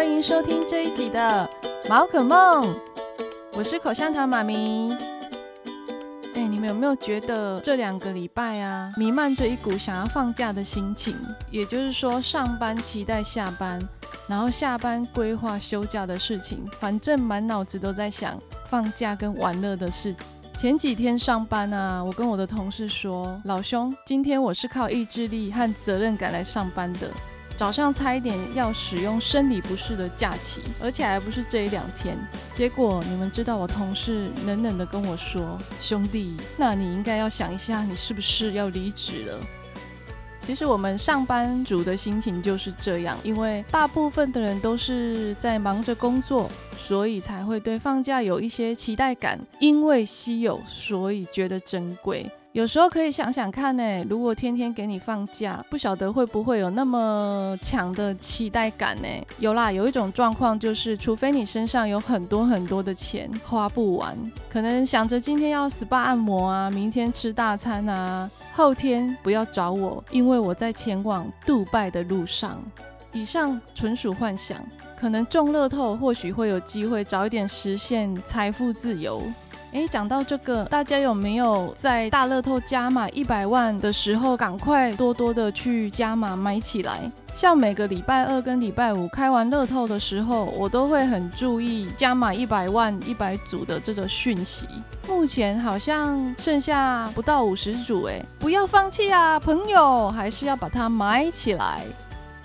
歡迎收聽這一集的《毛可夢》，我是口香糖媽咪。哎，你們有沒有覺得這兩個禮拜啊，瀰漫着一股想要放假的心情？也就是說，上班期待下班，然後下班規劃休假的事情，反正滿腦子都在想放假跟玩樂的事情。前幾天上班啊，我跟我的同事說：“老兄，今天我是靠意志力和責任感來上班的。”早上差一點要使用生理不適的假期，而且還不是這一兩天。結果你們知道，我同事冷冷的跟我說：“兄弟，那你應該要想一下，你是不是要離職了？”其實我們上班族的心情就是這樣，因為大部分的人都是在忙着工作，所以才會對放假有一些期待感。因為稀有，所以覺得珍貴。有時候可以想想看耶，如果天天給你放假，不曉得會不會有那麼強的期待感呢？有啦，有一種狀況就是，除非你身上有很多很多的錢，花不完，可能想着今天要 SPA 按摩啊，明天吃大餐啊，後天不要找我，因為我在前往杜拜的路上。以上純屬幻想，可能中樂透或許會有機會早一點實現財富自由。欸，講到這個，大家有沒有在大樂透加碼一百萬的時候，趕快多多的去加碼買起來？像每個禮拜二跟禮拜五開完樂透的時候，我都會很注意加碼一百萬一百組的這個訊息。目前好像剩下不到五十組，欸，不要放棄啊，朋友，還是要把它買起來。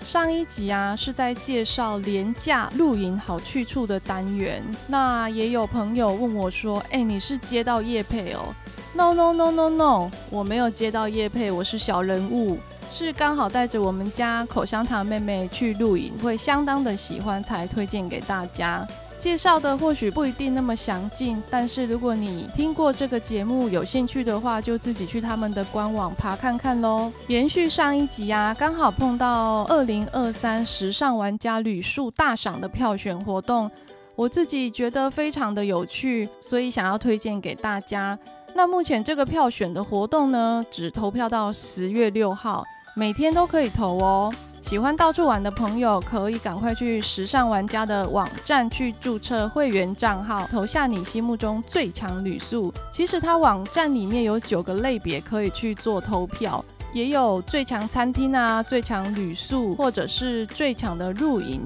上一集啊，是在介紹連假露營好去處的單元。那也有朋友問我說：“哎、欸，你是接到業配哦？”“No no no no no，我沒有接到業配，我是小人物，是剛好帶着我們家口香糖妹妹去露營，會相當的喜歡，才推薦給大家。”介紹的或許不一定那麼詳盡，但是如果你聽過這個節目有興趣的話，就自己去他們的官網爬看看嘍。延續上一集呀、啊，剛好碰到二零二三食尚玩家旅宿大賞的票選活動，我自己覺得非常的有趣，所以想要推薦給大家。那目前這個票選的活動呢，只投票到十月六號，每天都可以投哦。喜歡到處玩的朋友，可以趕快去食尚玩家的網站去註冊會員賬號，投下你心目中最強旅宿。其實它網站裡面有九個類別可以去做投票，也有最強餐廳啊、最強旅宿，或者是最強的露營。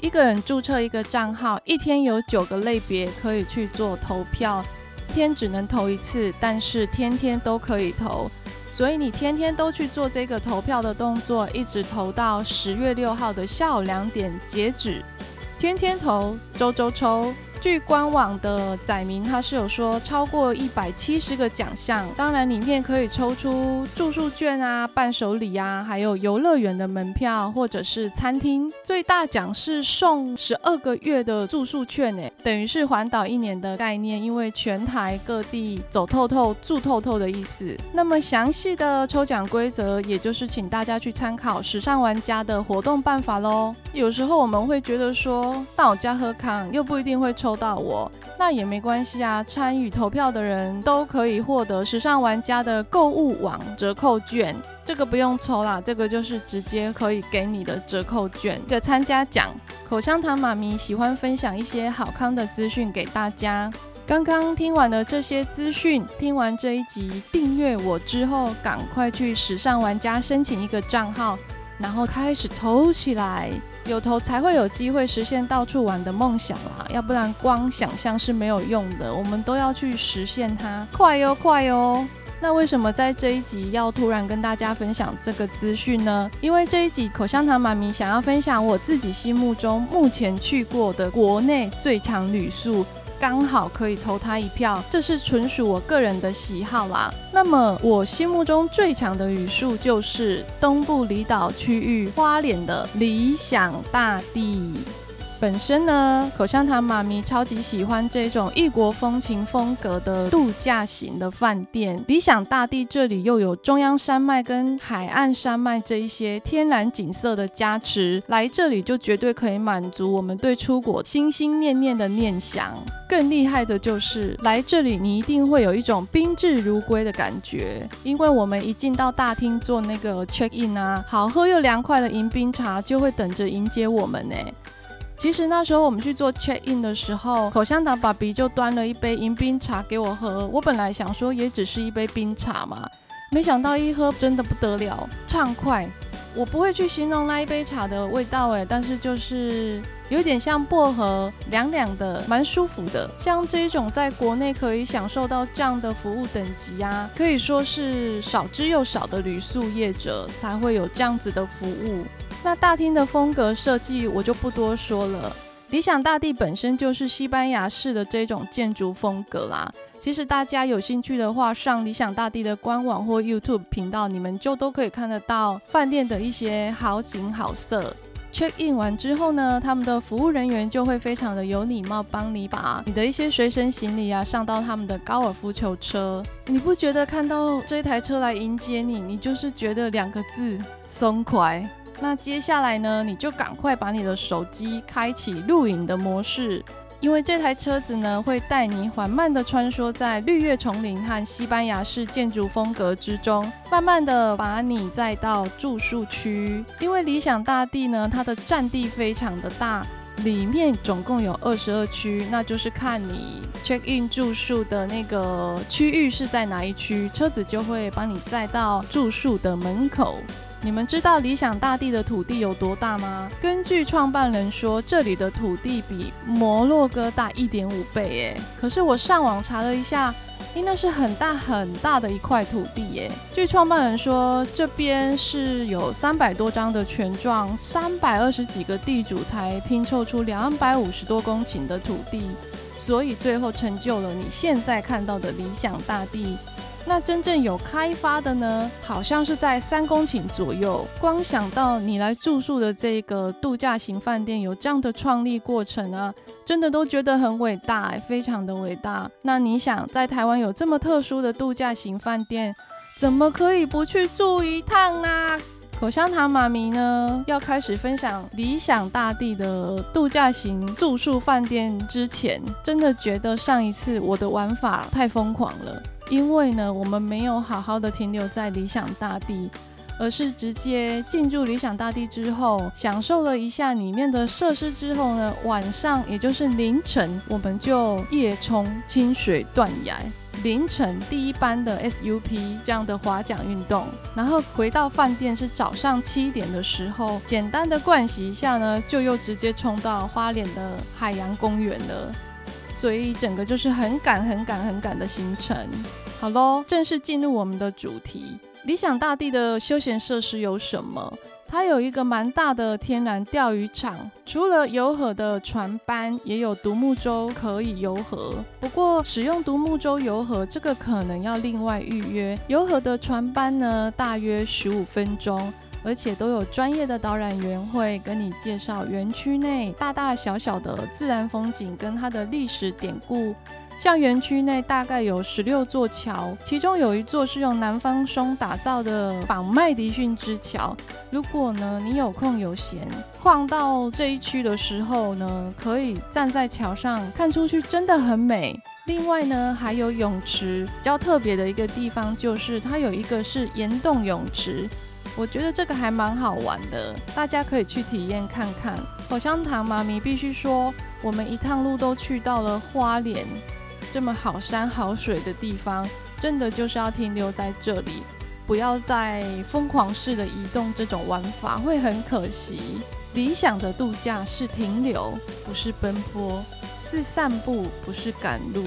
一個人註冊一個賬號，一天有九個類別可以去做投票，一天只能投一次，但是天天都可以投。所以你天天都去做這個投票的動作，一直投到十月六號的下午兩點截止，天天投，週週抽。據官網的載明，它是有說超過一百七十個獎項，當然裡面可以抽出住宿券啊、伴手禮啊，還有遊樂園的門票或者是餐廳。最大獎是送十二個月的住宿券、欸、等於是環島一年的概念，因為全台各地走透透、住透透的意思。那麼詳細的抽獎規則，也就是請大家去參考《食尚玩家》的活動辦法嘍。有時候我們會覺得說到我家喝康又不一定會抽。抽到我那也沒關係啊！參與投票的人都可以獲得食尚玩家的購物網折扣券，這個不用抽啦，這個就是直接可以給你的折扣券。一個參加獎，口香糖媽咪喜歡分享一些好康的資訊給大家。剛剛聽完了這些資訊，聽完這一集訂閱我之後，趕快去食尚玩家申請一個賬號，然後開始投起來。有投才會有機會實現到處玩的夢想啦，啊，要不然光想象是沒有用的。我們都要去實現它，快喲，快喲！那為什麼在這一集要突然跟大家分享這個資訊呢？因為這一集口香糖媽咪想要分享我自己心目中目前去過的國內最強旅宿。剛好可以投他一票，這是純屬我個人的喜好啦。那麼我心目中最強的旅宿就是東部離島區域花蓮的理想大地。本身呢，口香糖媽咪超級喜歡這種異國風情風格的度假型的飯店。理想大地這裡又有中央山脈跟海岸山脈這一些天然景色的加持，來這裡就絕對可以滿足我們對出國心心念念的念想。更厲害的就是來這裡，你一定會有一種賓至如歸的感覺，因為我們一進到大廳做那個 check in 啊，好喝又涼快的迎賓茶就會等着迎接我們呢、欸。其實那時候我們去做 check in 的時候，口香糖爸比就端了一杯迎賓茶給我喝。我本來想說也只是一杯冰茶嘛，沒想到一喝真的不得了，暢快。我不會去形容那一杯茶的味道哎，但是就是有點像薄荷，涼涼的，蠻舒服的。像這種在國內可以享受到這樣的服務等級啊，可以說是少之又少的旅宿業者才會有這樣子的服務。那大廳的風格設計我就不多說了，理想大地本身就是西班牙式的這種建築風格啦。其實大家有興趣的話，上理想大地的官網或 YouTube 頻道，你們就都可以看得到飯店的一些好景好色。check in 完之後呢，他們的服務人員就會非常的有禮貌，幫你把你的一些隨身行李啊上到他們的高爾夫球車。你不覺得看到這台車來迎接你，你就是覺得兩個字：松快。那接下來呢，你就趕快把你的手機開啟錄影的模式，因為這台車子呢會帶你緩慢的穿梭在綠葉叢林和西班牙式建築風格之中，慢慢的把你載到住宿區。因為理想大地呢，它的占地非常的大，裡面總共有二十二區，那就是看你 check in 住宿的那個區域是在哪一區，車子就會幫你載到住宿的門口。你們知道理想大地的土地有多大嗎？根據創辦人說，這裡的土地比摩洛哥大一點五倍。哎，可是我上網查了一下，應該是很大很大的一塊土地。哎，據創辦人說，這邊是有三百多張的權狀，三百二十幾個地主才拼湊出兩百五十多公頃的土地，所以最後成就了你現在看到的理想大地。那真正有開發的呢,好像是在三公頃左右。光想到你來住宿的這個度假型飯店有這樣的創立過程啊，真的都覺得很偉大欸，非常的偉大。那你想在台灣有這麼特殊的度假型飯店，怎麼可以不去住一趟呢啊？口香糖媽咪呢，要開始分享理想大地的度假型住宿飯店之前，真的覺得上一次我的玩法太瘋狂了。因為呢，我們沒有好好的停留在理想大地，而是直接進入理想大地之後，享受了一下裡面的設施之後呢，晚上也就是凌晨，我們就夜衝清水斷崖，凌晨第一班的 SUP 這樣的划槳運動，然後回到飯店是早上七點的時候，簡單的盥洗一下呢，就又直接衝到花蓮的海洋公園了。所以整個就是很趕、很趕、很趕的行程。好囉，正式進入我們的主題。理想大地的休閒設施有什麼？它有一個蠻大的天然釣魚場，除了遊河的船班，也有獨木舟可以遊河。不過使用獨木舟遊河這個可能要另外預約。遊河的船班呢，大約十五分鐘。而且都有專業的導覽員會跟你介紹園區內大大小小的自然風景跟它的歷史典故。像園區內大概有十六座橋，其中有一座是用南方松打造的仿麥迪遜之橋。如果呢，你有空有閒，晃到這一區的時候呢，可以站在橋上看出去，真的很美。另外呢，還有泳池，比較特別的一個地方就是它有一個是岩洞泳池。我覺得這個還蠻好玩的，大家可以去體驗看看。口香糖媽咪必須說，我們一趟路都去到了花蓮，這麼好山好水的地方，真的就是要停留在這裡，不要再瘋狂式的移動。這種玩法會很可惜。理想的度假是停留，不是奔波；是散步，不是趕路。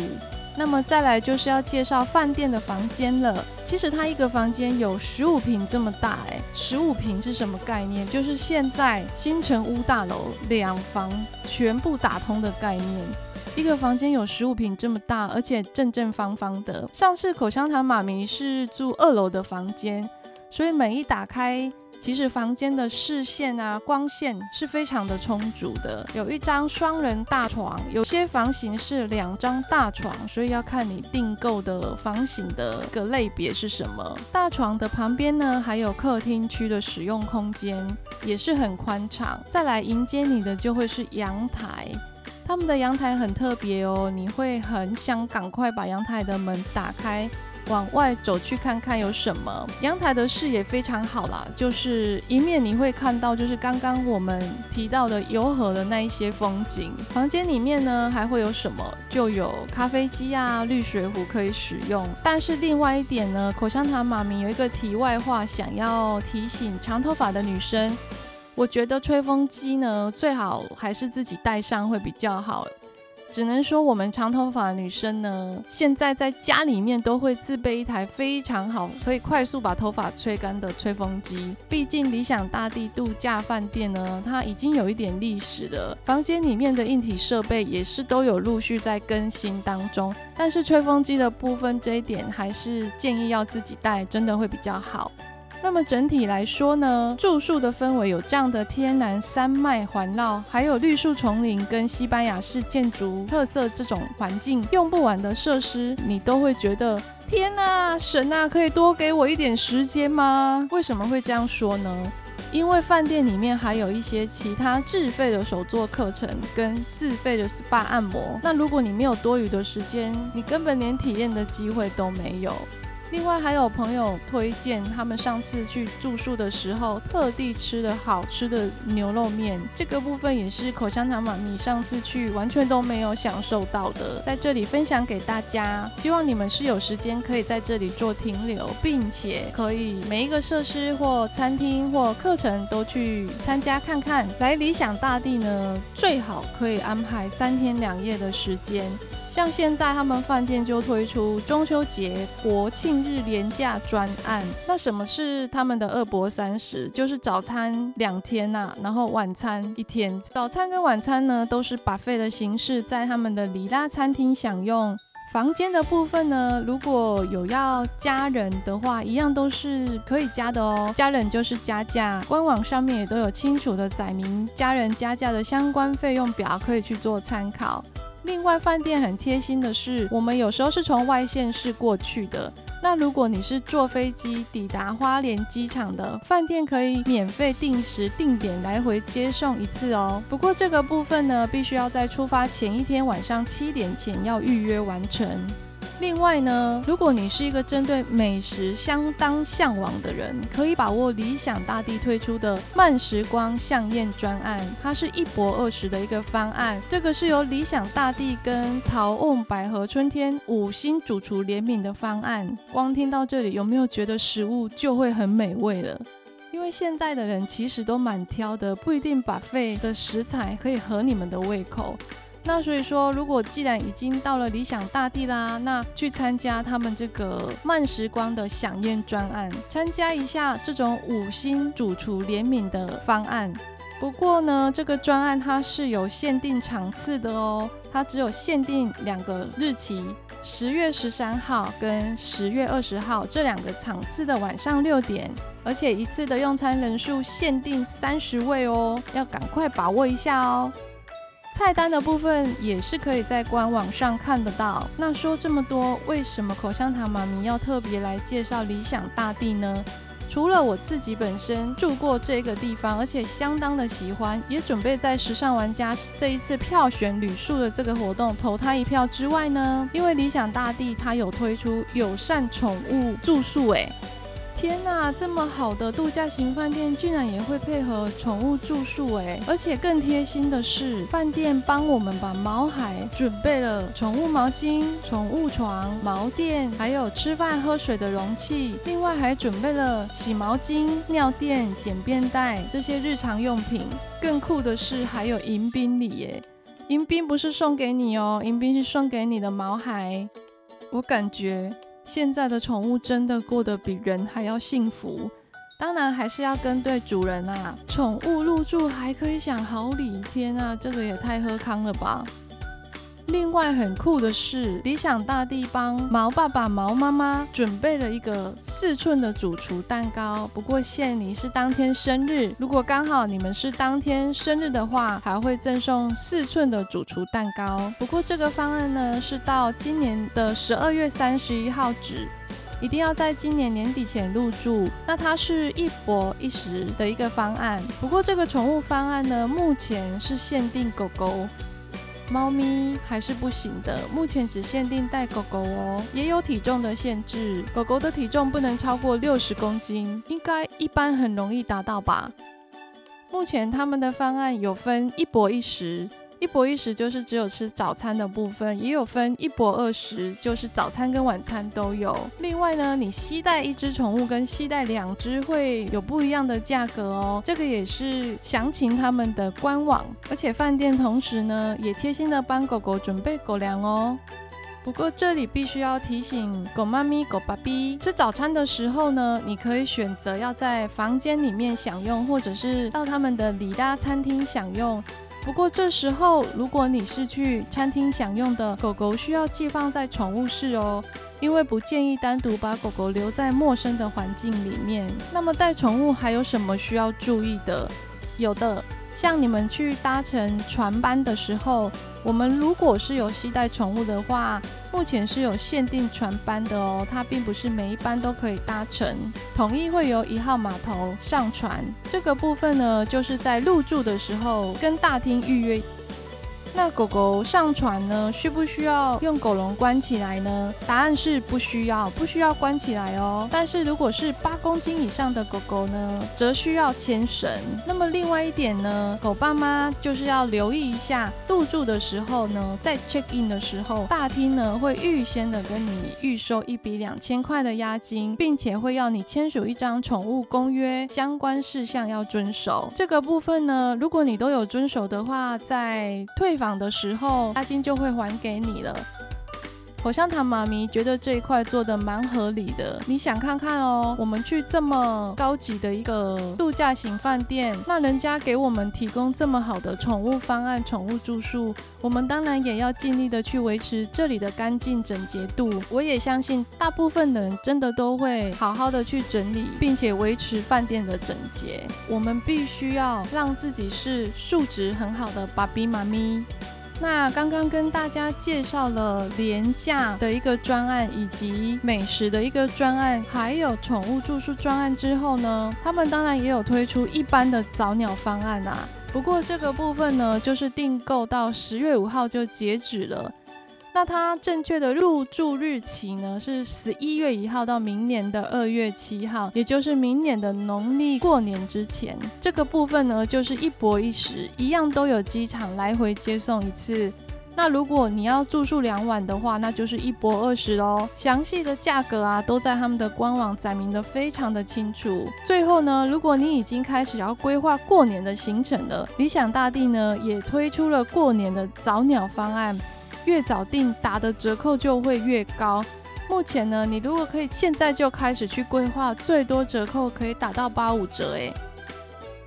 那麼再來就是要介紹飯店的房間了。其實它一個房間有十五坪這麼大，哎，十五坪是什麼概念？就是現在新成屋大樓兩房全部打通的概念，一個房間有十五坪這麼大，而且正正方方的。上次口香糖媽咪是住二樓的房間，所以每一打開。其實房間的視線啊，光線是非常的充足的。有一張雙人大床，有些房型是兩張大床，所以要看你訂購的房型的一個類別是什麼。大床的旁邊呢，還有客廳區的使用空間，也是很寬敞。再來迎接你的就會是陽台，他們的陽台很特別哦，你會很想趕快把陽台的門打開。往外走去看看有什麼，陽台的視野非常好啦，就是一面你會看到就是剛剛我們提到的遊河的那一些風景。房間裡面呢，還會有什麼？就有咖啡機啊、濾水壺可以使用。但是另外一點呢，口香糖媽咪有一個題外話想要提醒長頭髮的女生，我覺得吹風機呢最好還是自己帶上會比較好。只能說我們長頭髮的女生呢，現在在家裡面都會自備一台非常好，可以快速把頭髮吹乾的吹風機。畢竟理想大地度假飯店呢，它已經有一點歷史了，房間裡面的硬體設備也是都有陸續在更新當中。但是吹風機的部分這一點，還是建議要自己帶，真的會比較好。那麼整體來說呢，住宿的氛圍有這樣的天然山脈環繞，還有綠樹叢林跟西班牙式建築特色這種環境，用不完的設施，你都會覺得天啊，神啊，可以多給我一點時間嗎？為什麼會這樣說呢？因為飯店裡面還有一些其他自費的手作課程跟自費的 SPA 按摩，那如果你沒有多餘的時間，你根本連體驗的機會都沒有。另外還有朋友推薦，他們上次去住宿的時候，特地吃的好吃的牛肉麵。這個部分也是口香糖媽咪上次去完全都沒有享受到的，在這裡分享給大家。希望你們是有時間可以在這裡做停留，並且可以每一個設施或餐廳或課程都去參加看看。來理想大地呢，最好可以安排三天兩夜的時間。像現在他們飯店就推出中秋節、國慶日連假專案，那什麼是他們的二泊三食？就是早餐兩天吶、啊，然後晚餐一天。早餐跟晚餐呢都是 buffet 的形式，在他們的里拉餐廳享用。房間的部分呢，如果有要加人的話，一樣都是可以加的哦。加人就是加價，官網上面也都有清楚的載明加人加價的相關費用表，可以去做參考。另外，飯店很貼心的是，我們有時候是從外縣市過去的。那如果你是坐飛機抵達花蓮機場的，飯店可以免費定時定點來回接送一次哦。不過這個部分呢，必須要在出發前一天晚上七點前要預約完成。另外呢，如果你是一個針對美食相當嚮往的人，可以把握理想大地推出的慢時光饗宴專案，它是一泊二食的一個方案。這個是由理想大地跟陶甕百合春天五星主廚聯名的方案。光聽到這裡，有沒有覺得食物就會很美味了？因為現在的人其實都蠻挑的，不一定 buffet 的食材可以合你們的胃口。那所以說，如果既然已經到了理想大地啦，那去參加他們這個慢時光的饗宴專案，參加一下這種五星主廚聯名的方案。不過呢，這個專案它是有限定場次的哦，它只有限定兩個日期，十月十三號跟十月二十號這兩個場次的晚上六點，而且一次的用餐人數限定三十位哦，要趕快把握一下哦。菜單的部分也是可以在官網上看得到。那說這麼多，為什麼口香糖媽咪要特別來介紹理想大地呢？除了我自己本身住過這個地方，而且相當的喜歡，也準備在食尚玩家這一次票選旅宿的這個活動投他一票之外呢，因為理想大地它有推出友善寵物住宿、欸，哎。天吶，這麼好的度假型飯店居然也會配合寵物住宿耶，而且更貼心的是，飯店幫我們把毛孩準備了寵物毛巾、寵物床、毛墊，還有吃飯喝水的容器。另外還準備了洗毛巾、尿墊、撿便袋這些日常用品。更酷的是，還有迎賓禮耶，迎賓不是送給你哦，迎賓是送給你的毛孩。我感覺。現在的寵物真的過得比人還要幸福，當然還是要跟對主人啊！寵物入住還可以享好禮，天啊，這個也太好康了吧！另外很酷的是，理想大地幫毛爸爸、毛媽媽準備了一個四寸的主廚蛋糕。不過限你是當天生日，如果剛好你們是當天生日的話，還會贈送四寸的主廚蛋糕。不過這個方案呢，是到今年的十二月三十一號止，一定要在今年年底前入住。那它是一泊一食的一個方案。不過這個寵物方案呢，目前是限定狗狗。貓咪還是不行的，目前只限定帶狗狗哦，也有體重的限制，狗狗的體重不能超過六十公斤，應該一般很容易達到吧。目前他們的方案有分一泊一食。一泊一食就是只有吃早餐的部分，也有分一泊二食，就是早餐跟晚餐都有。另外呢，你攜帶一隻寵物跟攜帶兩隻會有不一樣的價格哦。這個也是詳情他們的官網。而且飯店同時呢，也貼心的幫狗狗準備狗糧哦。不過這裡必須要提醒狗媽咪、狗爸比，吃早餐的時候呢，你可以選擇要在房間裡面享用，或者是到他們的里拉餐廳享用。不過這時候，如果你是去餐廳享用的，狗狗需要寄放在寵物室哦，因為不建議單獨把狗狗留在陌生的環境裡面。那麼帶寵物還有什麼需要注意的？有的，像你們去搭乘船班的時候，我們如果是有攜帶寵物的話。目前是有限定船班的哦，它並不是每一班都可以搭乘，統一會由一號碼頭上船。這個部分呢，就是在入住的時候跟大廳預約。那狗狗上船呢，需不需要用狗籠關起來呢？答案是不需要，不需要關起來哦。但是如果是八公斤以上的狗狗呢，則需要牽繩。那麼另外一點呢，狗爸媽就是要留意一下，入住的時候呢，在 check in 的時候，大廳呢會預先的跟你預收一筆兩千塊的押金，並且會要你簽署一張寵物公約，相關事項要遵守。這個部分呢，如果你都有遵守的話，在退房的時候，押金就會還給你了。口香糖媽咪覺得這一塊做得蠻合理的，你想看看哦。我們去這麼高級的一個度假型飯店，那人家給我們提供這麼好的寵物方案、寵物住宿，我們當然也要盡力的去維持這裡的乾淨整潔度。我也相信大部分的人真的都會好好的去整理，並且維持飯店的整潔。我們必須要讓自己是素質很好的爸比媽咪。那剛剛跟大家介紹了連假的一個專案，以及美食的一個專案，還有寵物住宿專案之後呢，他們當然也有推出一般的早鳥方案啊。不過這個部分呢，就是訂購到十月五號就截止了。那它正確的入住日期呢，是十一月一號到明年的二月七號，也就是明年的農曆過年之前。這個部分呢，就是一泊一食，一樣都有機場來回接送一次。那如果你要住宿兩晚的話，那就是一泊二食嘍。詳細的價格啊，都在他們的官網載明得非常的清楚。最後呢，如果你已經開始要規劃過年的行程了，理想大地呢也推出了過年的早鳥方案。越早定打的折扣就會越高。目前呢，你如果可以現在就開始去規劃，最多折扣可以打到八五折。誒，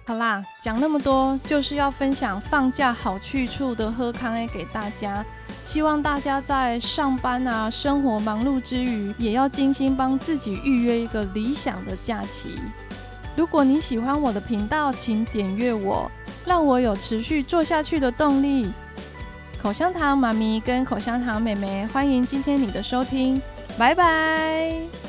好啦，講那麼多就是要分享放假好去處的好康哎給大家。希望大家在上班啊、生活忙碌之餘，也要精心幫自己預約一個理想的假期。如果你喜歡我的頻道，請點閱我，讓我有持續做下去的動力。口香糖媽咪跟口香糖妹妹，歡迎今天你的收聽，拜拜。